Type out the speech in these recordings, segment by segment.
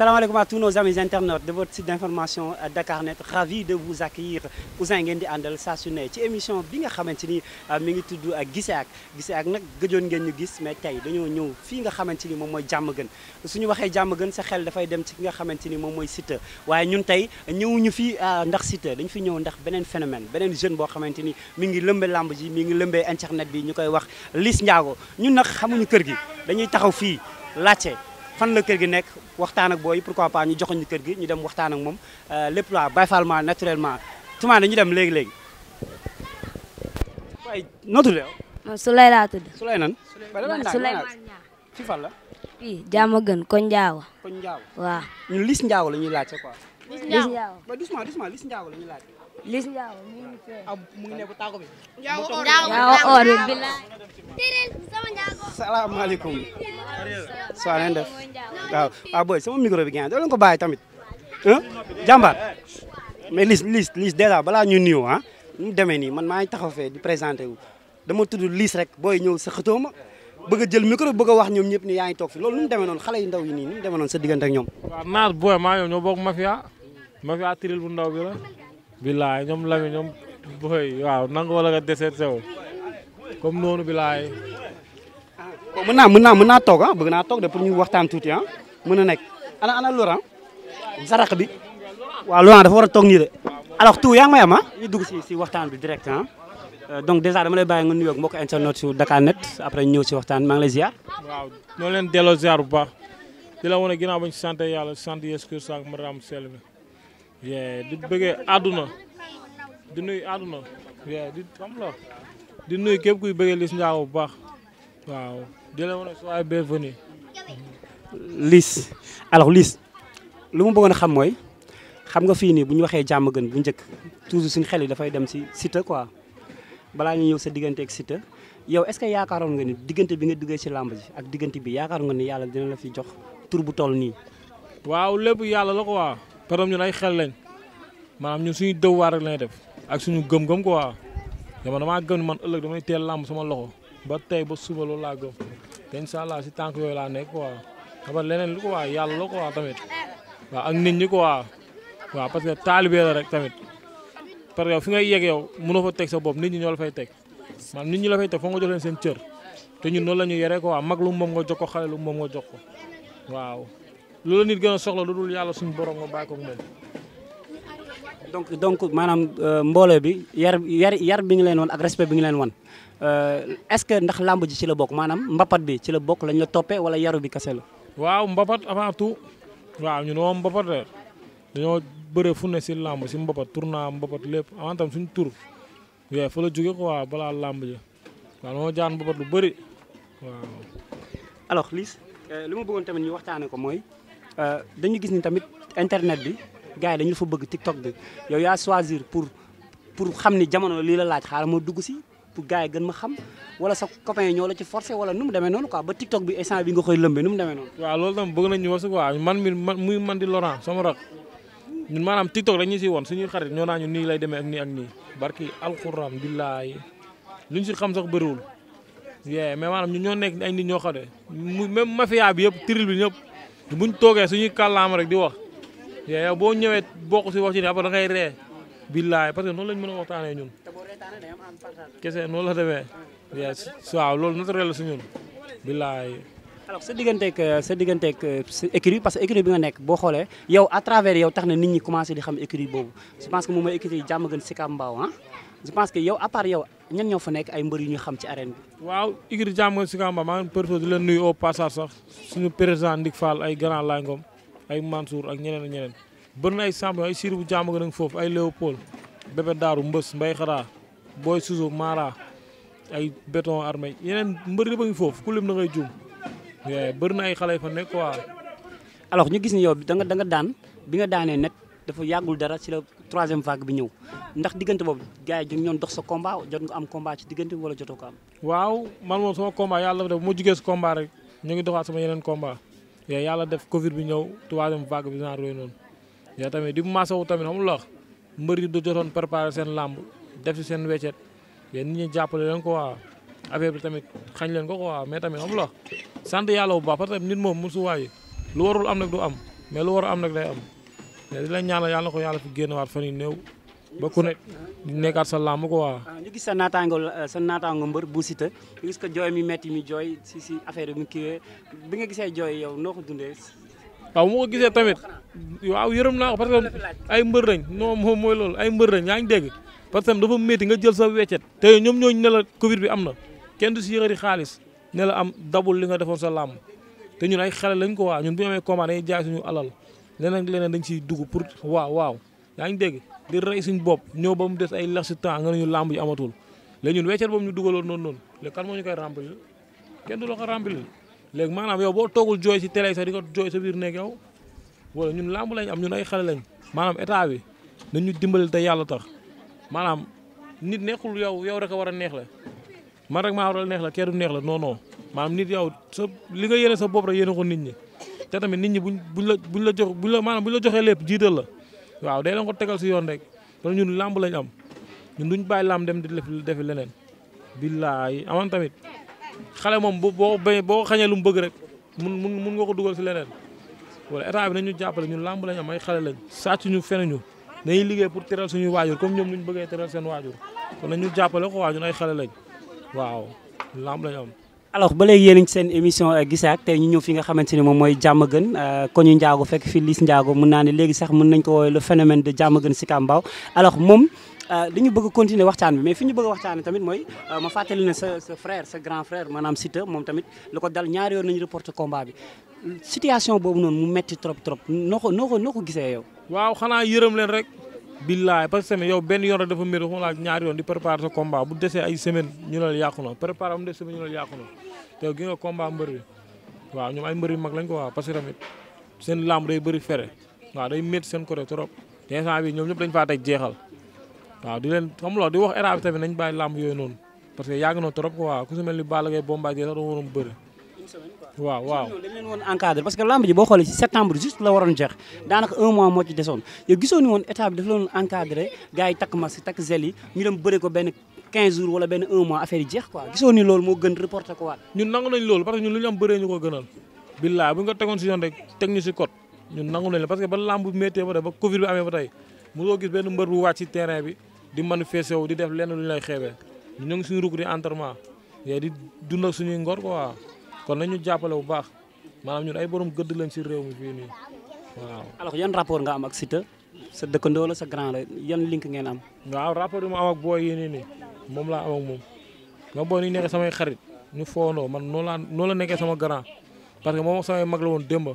salaamaaleykum à tous nos amis internautes de votre site d'information euh, Dakarnet ravi de vous accueillir Ousseyn ngeen di àndal saa su ne ci émission bi nga xamante ni euh, mi ngi tudd Gise ak Gise ak nag gëjoon ngeen ñu gis mais tey dañoo ñëw fii nga xamante ni moom mooy jàmm gën suñu waxee jàmm gën sa xel dafay dem ci ki nga xamante ni moom mooy Siteu waaye ñun tey ñëwuñu fi euh, ndax Siteu dañu fi ñëw ndax beneen phénomène beneen jeune boo xamante ni mi ngi lëmbe làmb ji mi ngi lëmbee internet bi ñu koy wax Liss Ndiago ñun nag xamuñu kër gi dañuy taxaw fii laajte fan la kër gi nekk waxtaan ak booy pourquoi pas ñu joxoñ kër gi ñu dem waxtaan ak moom euh, lépp la Baye Fall ma naturellement tumaane ñu dem léegi léegi. waaye noo tudd yow. Euh, Souley laa tudd. Souley nan. Souley fii fan la. fii jàmm gën koñ Njaawa. koñ Njaawa waaw. ñun Njaawa la ñuy laajte quoi. Liss Njaawa ba doucement doucement Liss Njaawa la ñuy laajte. Liss Ndiago mu ngi fee. ah mu ngi nekk taago bi. Ndiago or Ndiago soo leen def waaw waaw ah, booy sama micro bi ngeen doo leen ko bàyyi tamit ah jàmbaar mais Liss Liss Liss dèjà balaa ñu nuyoo ah ñu demee nii man maa ngi taxaw fee di présenté wu dama tudd liis rek booy ñëw sa xëtoo ma a jël micro bëgg a wax ñoom ñëpp ni yaa ngi toog fi loolu nu mu demee xale yu ndaw yi nii nu mu demee sa diggante ñoom. naat booy maa ñoom ñoo bokk mafia mafia tiril bu ndaw bi la. bilaay ñoom lami ñoom boy waaw nangu wala nga deseet sew comme noonu bilaay bon ah, na naa na naa mën naa toog ah bëgg naa toog de pour ñu waxtaan tuuti ah mën a nekk ana ana Laurent bi waa Laurent dafa war a toog nii de alors tout yaa ngi may ah? ñu dugg si si waxtaan bi direct ah euh, donc déjà dama lay bàyyi nga nuyoog mbokk internet su Dakar Net après ñëw si waxtaan maa ngi lay ziar waaw ñoo leen delloo ziar bu baax di la wan a ginnaaw bañ si sant yàlla sant Yeesu Kirist ak bi di bëggee àdduna di nuyu àdduna di nuy la di nuyu képp kuy bëggee Liss Ndiago bu baax waaw di la wane soyez bienvenue Liss alors Liss lu mu bëggoon xam mooy xam nga fii nii bu ñu waxee jàmm gën bu njëkk toujours suñu xel yi dafay dem si Siteu quoi balaa ñu ñëw sa digganteek ak Siteu yow est-ce que yaakaaroon nga ni diggante bi nga duggee si làmb ji ak diggante bi yaakaar nga ni yàlla dina la fi jox tur bu tool nii. waaw lépp yàlla la quoi. par ñun ay xel lañ maanaam ñun suñu dëw waar rek lañ def ak suñu gëm-gëm ko waa dama damaa gëm man ëllëg damay teel làmb sama loxo ba tey ba suba loolu laa gëm te incha allah si tànk yooyu laa nekk quoi xam leen leneen lu ko waa yàlla la quoi tamit waaw ak nit ñi quoi waaw parce que taalibe la rek tamit parce que fi nga yeg yow mënoo fa teg sa bopp nit ñu ñoo la fay teg maanaam nit ñi la fay teg foo nga jox leen seen cër te ñun noonu la ñu yore waa mag lu moom nga jox ko xale moom nga jox ko waaw. loolu nit gën a soxla lu dul yàlla suñu borom nga bàyyi ko moom. donc donc maanaam euh, mbooloo bi yar yar yar bi ngi leen wan ak respect bi ngi leen wan euh, est-ce que ndax làmb ji ci la bokk maanaam mbapat bi ci la bokk lañ la toppee wala yaru bi kase la. waaw mbapat avant tout waaw ñun moom mbapat de dañoo bëre fu ne si làmb si mbapat tournoi mbapat lépp avant suñu tur yooyu fa la jógee quoi balaa làmb ji waaw dañoo jaan mbapat lu bari waaw. alors Liss euh, li ma bëggoon ñu waxtaanee ko mooy. Euh, dañu gis ni tamit internet bi gars yi dañu fa bëgg TikTok bi yow yaa choisir pour pour xam ni jamono lii la laaj xaaral ma dugg si pour gars yi gën ma xam wala sa copain yi ñoo la ci forcé wala nu mu demee noonu quoi ba TikTok bi instant bi nga koy lëmbee nu mu demee noonu. waaw loolu tam bëgg nañ wax si man mi man muy man di Laurent sama ñun maanaam TikTok dañuy si woon suñuy xarit ñoo naa ñu nii lay demee ak nii ak nii barki alxuraan billaahi luñ ñu toogee suñuy kàllaama rek di wax yow boo ñëwee bokk si wax ci ne après da ngay ree billaay parce que noonu lañ mën a waxtaanee ñun kese noonu la demee yes loolu naturel la si ñun billaay alors sa digganteeg sa digganteeg sa écurie parce que écurie bi nga nekk boo xoolee yow a travers yow tax na nit ñi commencé di xam écurie boobu je pense que moom mooy écurie yi si Kambaaw ah je pense que yow à part yow ñoo fa nekk ay mbër yu ñu xam ci arène bi. waaw Igri Diamond Sikamba maa ngi profité di leen nuyu au passage sax suñu président Ndik Fall ay grand langom ay Mansour ak ñeneen ak ñeneen bëri na ay champion ay Sirou bu Diamond nag foofu ay Léopold Bébé Daaru Mbës Mbay Xaraa Boy Susu Mara ay béton armé yeneen mbër yëpp a ngi foofu ku lim na ngay juum bëri na ay xale fa nekk quoi. alors ñu gis ni yow da nga da nga daan bi nga daanee net dafa yàggul dara ci la troisième vague bi ñëw ndax diggante boobu gars yi ñu ñoon dox sa combat jot nga am combat ci diggante bi wala jotoo ko am. waaw man moom sama combat yàlla def bu ma jugee si combat rek ñu ngi doxaat sama yeneen combat yooyu yàlla def Covid bi ñëw troisième vague bi dinaa roy noonu. yaa tamit di masawu tamit xam nga mbër yi du jotoon préparer seen làmb def seen weccet yéen nit ñi jàppale ko waa affaire bi tamit xañ leen ko ko waa mais tamit xam nga sant yàlla bu baax parce que nit moom mosu waaye lu warul am nag du am mais lu war am nag day am. di la ñaanal yàlla na ko yàlla fi génnewaat fan yu néew. ba ku ne di nekkaat sa làmb ko waa ah, ñu gis sa naataango sa naataango mbër bu sita ñu jooy mi metti mi jooy affaire bi mu kiiwee bi nga gisee jooy yow noo ko dundee. waaw moo ko gisee tamit waaw yërëm naa ko parce que ay mbër lañ non moom mooy loolu ay mbër lañ yaa ngi dégg parce que dafa métti nga jël sa weccet te ñoom ñooñu ne la Covid bi am na kenn du si yëkkati xaalis ne la am dabul li nga defoon sa làmb te ñun ay xale lañ ko waa ñun bu ñu amee combat leneen leneen dañ siy dugg pour waaw waaw yaa ngi dégg di rey suñ bopp ñëw ba mu des ay lax si temps nga ñu làmb yi amatul léegi ñun weccat boobu ñu dugaloon noon noonu léegi kan moo ñu koy remplir kenn du la ko remplir léegi maanaam yow boo toogul jooy si télé sax di ko jooy sa biir nekk yaw wala ñun làmb lañ am ñun ay xale lañ maanaam état bi ñu dimbali te yàlla tax maanaam nit neexul yow yow rek a war a neex la man rek maa war a neex la kenn neex la non non maanaam yow sa li nga yéene sa bopp rek yéene ko nit ñi te tamit nit ñi buñ buñ la buñ la jox buñ la maanaam la joxee lépp jiital la waaw day la ko tegal si yoon rek kon ñun làmb lañ am ñun duñ baay làmb dem di def defi leneen. billaay amoon tamit xale moom boo boo boo xañee lu mu bëgg rek mun mun mun nga ko dugal si leneen wala état bi nañu ñu jàppale ñun làmb lañ am ay xale lañ. sàcc ñu fenuñu dañuy liggéey pour teral suñuy waajur comme ñoom ñu bëggee teral seen waajur kon nañu jàppale ko waa ay xale lañ waaw làmb lañ am. alors ba léegi yéen ci seen émission euh, gisaak tey ñu ñëw fi nga xamante ni moom mooy Diamaguène euh, ko ñu Ndiago fekk fi Liss Ndiago mën naa ne léegi sax mën nañ ko woowee le phénomène de Diamaguène Sicap Mbao alors moom dañu euh, bëgg continuer waxtaan bi mais fi ñu bëgg a waxtaane tamit mooy ma fàttali ne sa sa frère sa grand frère maanaam Siteu moom tamit lu ko dal ñaar yoon nañu reporté combat bi situation boobu noonu mu metti trop trop noo ko noo ko noo ko gisee yow billaay parce que yow benn yoon rek dafa méri xuma laa yoon di préparer sa combat bu desee ay semaine ñu la yàqu na préparer am des ñu la yàqu te gi nga combat mbër bi waaw ñoom ay mbër yu mag lañ ko waaw parce que tamit seen làmb day bëri fere waaw day métti seen côté trop te instant bi ñoom ñëpp dañ faa teg jeexal waaw di leen xam loolu di wax era bi tamit nañ bàyyi làmb yooyu noonu parce que yàgg na trop quoi ku si mel ni Balla Gaye Bombardier sax waaw waaw dañ leen woon encadré parce que lamb ji boo xoolee ci septembre juste la waroon jeex daanaka un mois moo ci desoon yow gisoo ni woon état bi dafa leen encadré gars yi takk masque takk zel yi ñu dem bëre ko benn 15 jours wala benn un mois affaire yi jeex quoi gisoo ni loolu moo gën reporté ko waat ñun nangu nañ loolu parce que ñun lu ñu am bëree ñu ko gënal billaay bu ñu ko tegoon si yoon rek teg ñu si code ñun nangu nañ la parce que ba lamb méttee ba tey ba covid bi amee ba tey mënoo gis benn mbër bu wàcc ci terrain bi di manifesté wu di def lenn lu ñu lay xeebee ñu ngi suñu rukk di entraînement yooyu di dund ak suñuy ngor quoi kon nañu jàppale bu baax maanaam ñun ay borom gëdd lañ si réew mi fii nii waaw. alors yan rapport nga am ak Siteu sa dëkkandoo la sa grand la yan link ngeen am. waaw rapport yi mu am ak booy yi nii nii moom laa am ak moom nga booy ni nekkee samay xarit ñu foonoo man noonu laa noonu la nekkee sama grand parce que moom ak samay mag la woon démb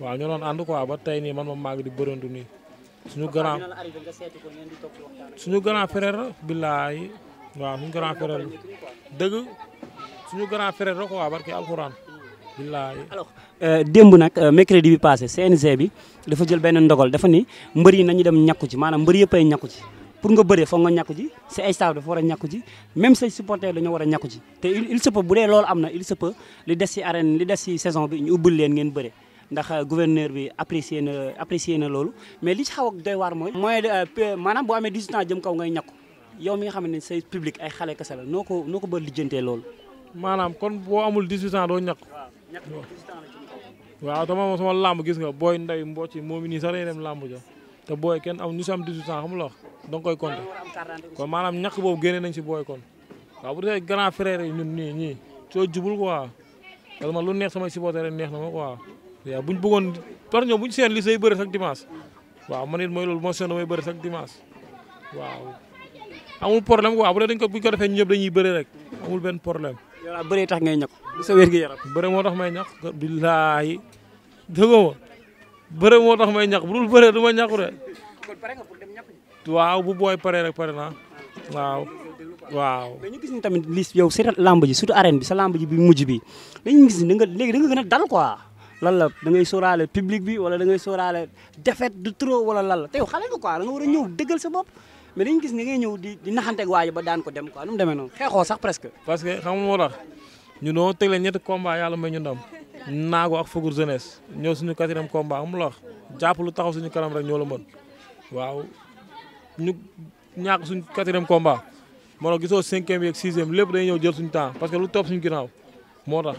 waaw ñoo doon ànd quoi ba tey nii man ma màgg di bërantu nii. suñu grand suñu grand frère la billaay waaw suñu grand frère suñu grand frère la quoi barke alxuraan. billaay alors euh, démb nag euh, mercredi bi passé CNG bi dafa jël benn ndogal dafa ni mbër yi nañu dem ñàkku ci maanaam mbëri yëpp ay ñàkku ci pour nga bëree foog nga ñàkku ji sa ay staff dafa war a ñàkku ji même say supporters war a ñàkku ji te il se dee loolu am na il li des ci arène li des ci saison bi ñu ubbil leen ngeen bëree ndax euh, gouverneur bi apprécié na apprécié na loolu mais li xaw ak doy waar mooy boo amee 18 ans kaw ngay ñàkku yow mi nga xam ne say public ay xale kese la noo ko noo ko ba lijjantee loolu maanaam kon boo amul 18 ans doo ñàkk. waaw te moom sama làmb gis nga booy nday mbocc moom nii sax day dem làmb ja booy kenn am ñu si am 18 ans xam la wax da nga koy compter kon maanaam ñàkk boobu génne nañ si booy kon waaw bu defee grand frère yi ñun nii ñii soo jubul quoi parce lu neex samay supporter neex na ma quoi waaw buñ bëggoon par ñoom buñ seen li say bëri sax dimanche waaw man it mooy loolu moo seen damay bëri sax dimanche waaw amul problème waaw bu dee dañ ko buñ ko defee ñëpp dañuy bëri rek amul benn problème yow daal bëree tax ngay ñàkk lu sa wér gi yaram. bëre moo tax may ñàkk billaahi dëggoo ma bëre moo tax may ñàkk bu dul bëree du ma ñàkku de. kon waaw bu booy paree rek pare naa waaw. waaw mais ñu gis ni tamit li yow si lamb ji surtout bi sa lamb ji bi mujj bi dañuy gis ni da nga léegi da nga gën dal quoi lan la da ngay sóoraale public bi wala da ngay sóoraale défaite du trop wala lan la te yow xale nga quoi da nga war a ñëw dëggal sa bopp mais dañu gis ni ngay ñëw di di naxanteeg waa ji ba daan ko dem quoi nu mu demee noonu xeexoo sax presque. parce que xam moo tax ñu noo teg leen ñetti combat yàlla may ñu ndam naago ak fugur jeunesse ñëw suñu quatrième combat am la wax jàpp lu taxaw suñu kanam rek ñoo la mën waaw ñu ñàkk suñu quatrième combat moo tax gisoo cinquième yeeg sixième lépp day ñëw jël suñu temps parce que lu topp suñu ginnaaw moo tax.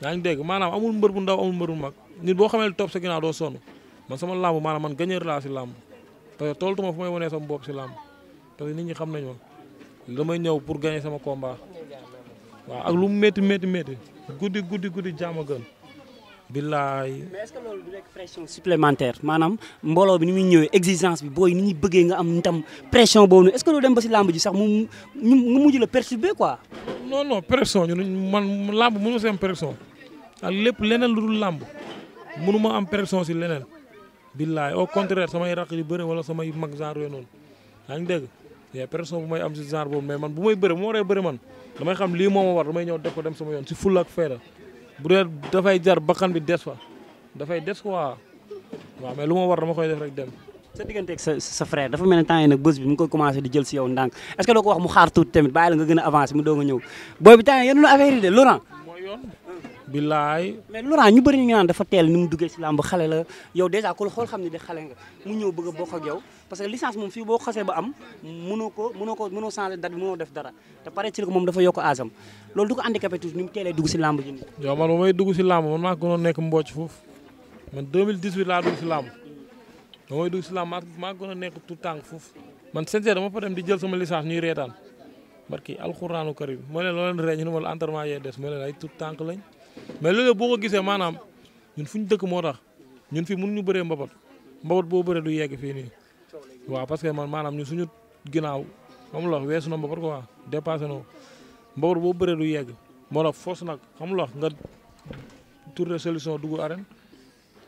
yaa ngi dégg maanaam amul mbër bu ndaw amul mbër bu mag nit boo xamee lu topp sa ginnaaw doo sonn man sama làmb man gagné laa si parce que toltuma fu may wanee sama bopp si làmb parce que nit ñi xam nañu woon may ñëw pour gagner sama combat waaw ak lu mu métti métti métti guddi guddi guddi jàmm a gën. billaay. mais est maanaam mbooloo bi ni muy ñëwee exigence bi booy ni ñuy bëggee nga am ndam pression boobu noonu est-ce que loolu dem ba si làmb ji sax mu mu mu mujj la perturber quoi. non non pression ñu man làmb mënu ma si am pression ak lépp leneen lu dul làmb mënu ma am pression si leneen. billaay au contraire samay raq yu bëri wala samay mag genre yooyu noonu yaa ngi boobu mais man bu may bëri bu ma bëri man damay xam lii moo ma war damay ñëw def ko dem sama yoon si ful ak fayda bu dee dafay jar bakkan bi des fa dafay des quoi waaw mais lu ma war dama koy def rek dem. sa diggante ak sa sa frère dafa mel ne temps yi nag bés bi mu ngi koy commencé di jël si yow ndànk est ce que doo ko wax mu xaar tuuti tamit bàyyi la nga gën a avancé mu doog a ñëw booy bi temps yii yéen a de Laurent. mooy yoon billaay mais Laurent ñu bëri ñu naan dafa teel ni mu duggee si làmb xale la yow dèjà ku xool xam ne de xale nga mu ñëw bëgg a bokk ak yow parce que licence moom fii boo xasee ba am mënoo ko mënoo ko dara te mu teelee dugg si làmb ji nii yow man ba may dugg si làmb man maa gënoon nekk nekk tout tànk foofu man sincère dama fa di jël sama licence ñuy reetaan barki alxuraanu karim ma ne loo reeñ ñu ne ma yee des ma ne ay tout mais loolu boo ko gisee maanaam ñun fu ñu dëkk moo tax ñun fi ñu bëree mbapat mbapat boo bëree du yegg fii nii waaw parce que man maanaam ñun suñu ginnaaw xam nga weesu na mbapat quoi dépassé na mbapat boo bëree du yegg moo tax foos nag xam nga nga tourné solution dugg arène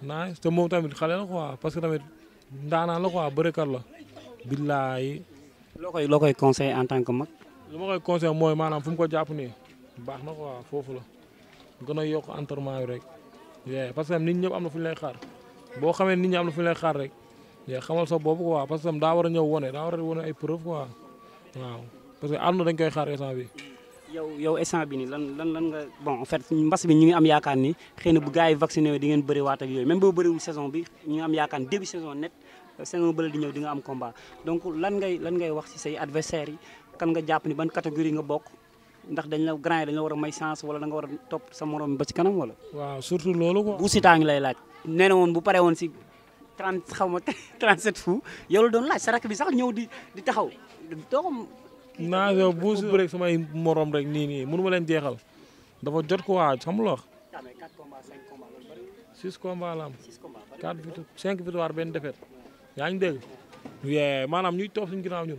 naa te moom tamit xale la quoi parce que tamit ndaanaan la quoi bërekat la billaay. loo koy loo koy conseil en tant que mag. lu ma koy conseil mooy maanaam fu mu ko jàpp nii baax na quoi foofu la. gën a yokk entraînement yi rek parce que nit ñëpp am na fu ñu lay xaar boo xamee nit ñi am na fu ñu lay xaar rek xamal sa bopp quoi parce que daa war a ñëw wone daa war a wone ay waaw parce que dañ koy xaar instant bi yow yow instant bi nii lan lan lan nga bon en mbas bi ñu ngi am yaakaar ni xëy na bu gars yi vacciné wu di ngeen bëri waat ak yooyu même boo bëriwul saison bi ñu ngi am yaakaar début saison net saison bële di ñëw di am combat donc lan ngay lan ngay wax ci say adversaires yi kan nga jàpp ni ban catégorie nga bokk ndax dañ la grand yi dañ la war a may chance wala da war a topp sa morom ba ci kanam wala. waaw surtout loolu quoi. bu ngi lay laaj. nee na woon bu paree woon si 30 xaw ma 37 fu yow la doon laaj sa rakk bi sax ñëw di di taxaw doom. naa yow bu bu rek samay morom rek nii nii mënu ma leen jeexal dafa jot ko waa xam nga loo wax. 6 combats la am 4 victoires 5 victoires benn défaite yaa ngi dégg. maanaam ñuy toog suñu ginnaaw ñun.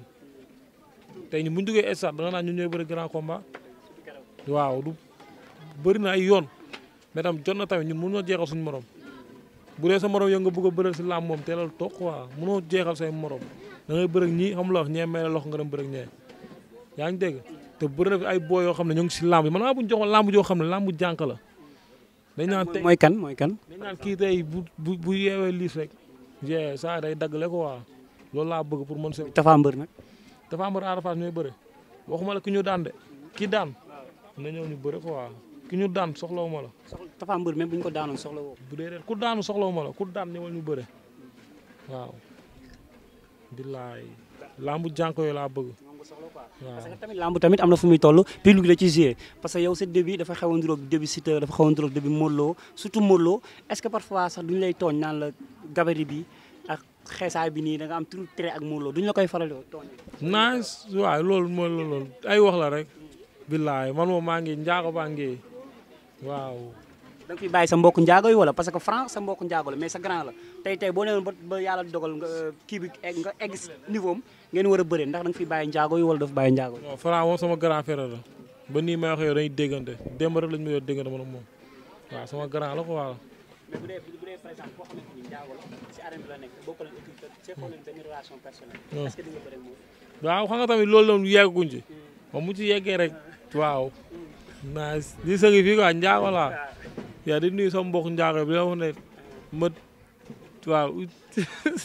tey ñu bu ñu duggee stade da nga ñooy bëri grand combat waaw du bëri na ay yoon mais jot na tamit ñun mënoo jeexal suñu morom bu dee sa morom yow nga bëgg a si làmb moom teelal toog quoi mënoo jeexal say morom da ngay bërëg ñii xam la wax ñee loxo nga dem bërëg ñee ngi dégg te bëri na ay boo yoo xam ne ñu ngi si làmb yi man maa bu ñu joxoon làmb joo xam ne làmb jànk la dañ naan tey mooy kan mooy kan dañ naan kii bu bu bu yeewee liis rek jee saa day daggale ko waaw loolu laa bëgg pour mën sa tafa mbër nag dafa am Ada Fass ñooy bëre waxuma la ki ñu daan de ki daan na ñu bëre quoi ki ñu daan soxlawu ma la. Tapha Mbeur même bu ñu ko daanoon bu dee ku daanu soxlawu ma la ku daan ñëwal ñu bëre waaw. billaay lambu jànko yooyu laa bëgg. waaw parce que tamit lambu tamit am na fu muy toll public la ci joué parce que yow sa début dafa xew a niróog début Siteu dafa xaw a niróog début Modou Lo surtout Modou Lo est-ce que parfois sax duñu lay tooñ naan la gabarit bi. xeesaay bi nii da nga am turu trait ak Modou Lo duñ la koy faral di naa waaw loolu moom loolu ay wax la rek. billaay man moom maa ngi njaago baa ngi waaw. da nga fi bàyyi sa mbokku njaago yi wala parce que franc sa mbokku njaago la mais sa la tey tey boo nee woon ba yàlla dogal nga euh, kii bi nga egg niveau am ngeen war a bëree ndax da fi bàyyi njaago yi wala daf bàyyi njaago yi. moom sama grand frère la ba nii may wax yow dañuy déggante démb rek lañu moom waaw sama grand la ko waaw. mais bu dee bu dee par exemple boo xamante ni njaago hmm. waaw xam nga tamit loolu la yegguñ ci. moom mu yeggee rek. Hmm. waaw. naa di sëgi njaago laa. Ah. yaa bi la wax ne ma waaw.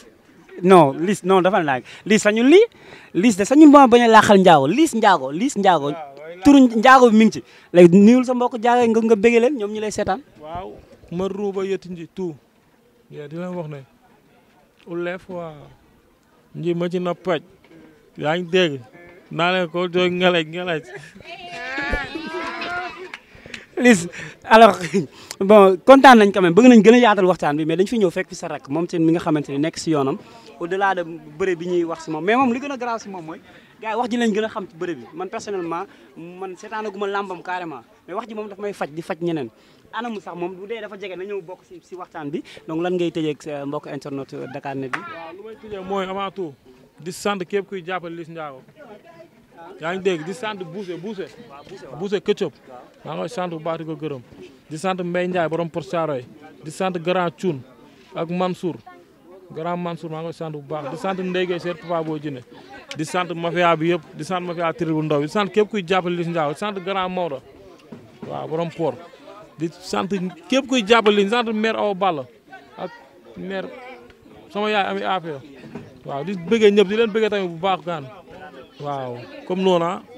non Liss non dafa laaj Liss sañul lii Liss de sañul moo bañ a laaxal njaago Liss njaago Liss njaago ah, turu njaago bi mi ci léegi nuyul sa mbokk njaago nga nga bëgg leen ñoom ñu lay seetaan maruuba yetinji tu ye di leen wax ne uleef waa nji ma ci na paj yaa ngi dégg naa leen ko jooy ngelaj ngelaj Liss alors bon kontaan nañ quand même bëgg nañ gën a yaatal waxtaan bi mais dañ fi ñëw fekk fi sa rakk moom tamit mi nga xamante ni nekk si yoonam au delà de bëre bi wax si moom mais moom li gën a grave moom mooy gars wax ji lañ gën a xam ci bëre bi man personnellement man seetaanaguma làmbam carrément mais wax ji moom daf may faj di faj ñeneen mu sax moom bu dee dafa jege na ñëw bokk si si waxtaan bi donc lan ngay tëjee ak mbokk internet Dakar Net bi. waaw lu mooy avant tout di sant képp kuy jàppale Liss Ndiago yaa ngi dégg di sant Bousse Bousse. Bousse Ketchup. maa ngi koy bu baax di ko di sant Mbaye Ndiaye borom Port Saroy di sant Grand Thioune ak Mansour grand Mansour maa ngi koy bu baax di sant Ndege Seer Papa Boy Djiné di sant mafia bi yëpp di sant mafia Tiril bu ndaw di sant képp kuy jàppale Liss Ndiago di Maodo. waaw borom port di sant képp kuy jàppale di sant maire Awa Balla ak maire sama yaay ami affaire waaw di bëggee ñëpp di leen bëggee tamit bu baax gaan waaw comme noonu ah.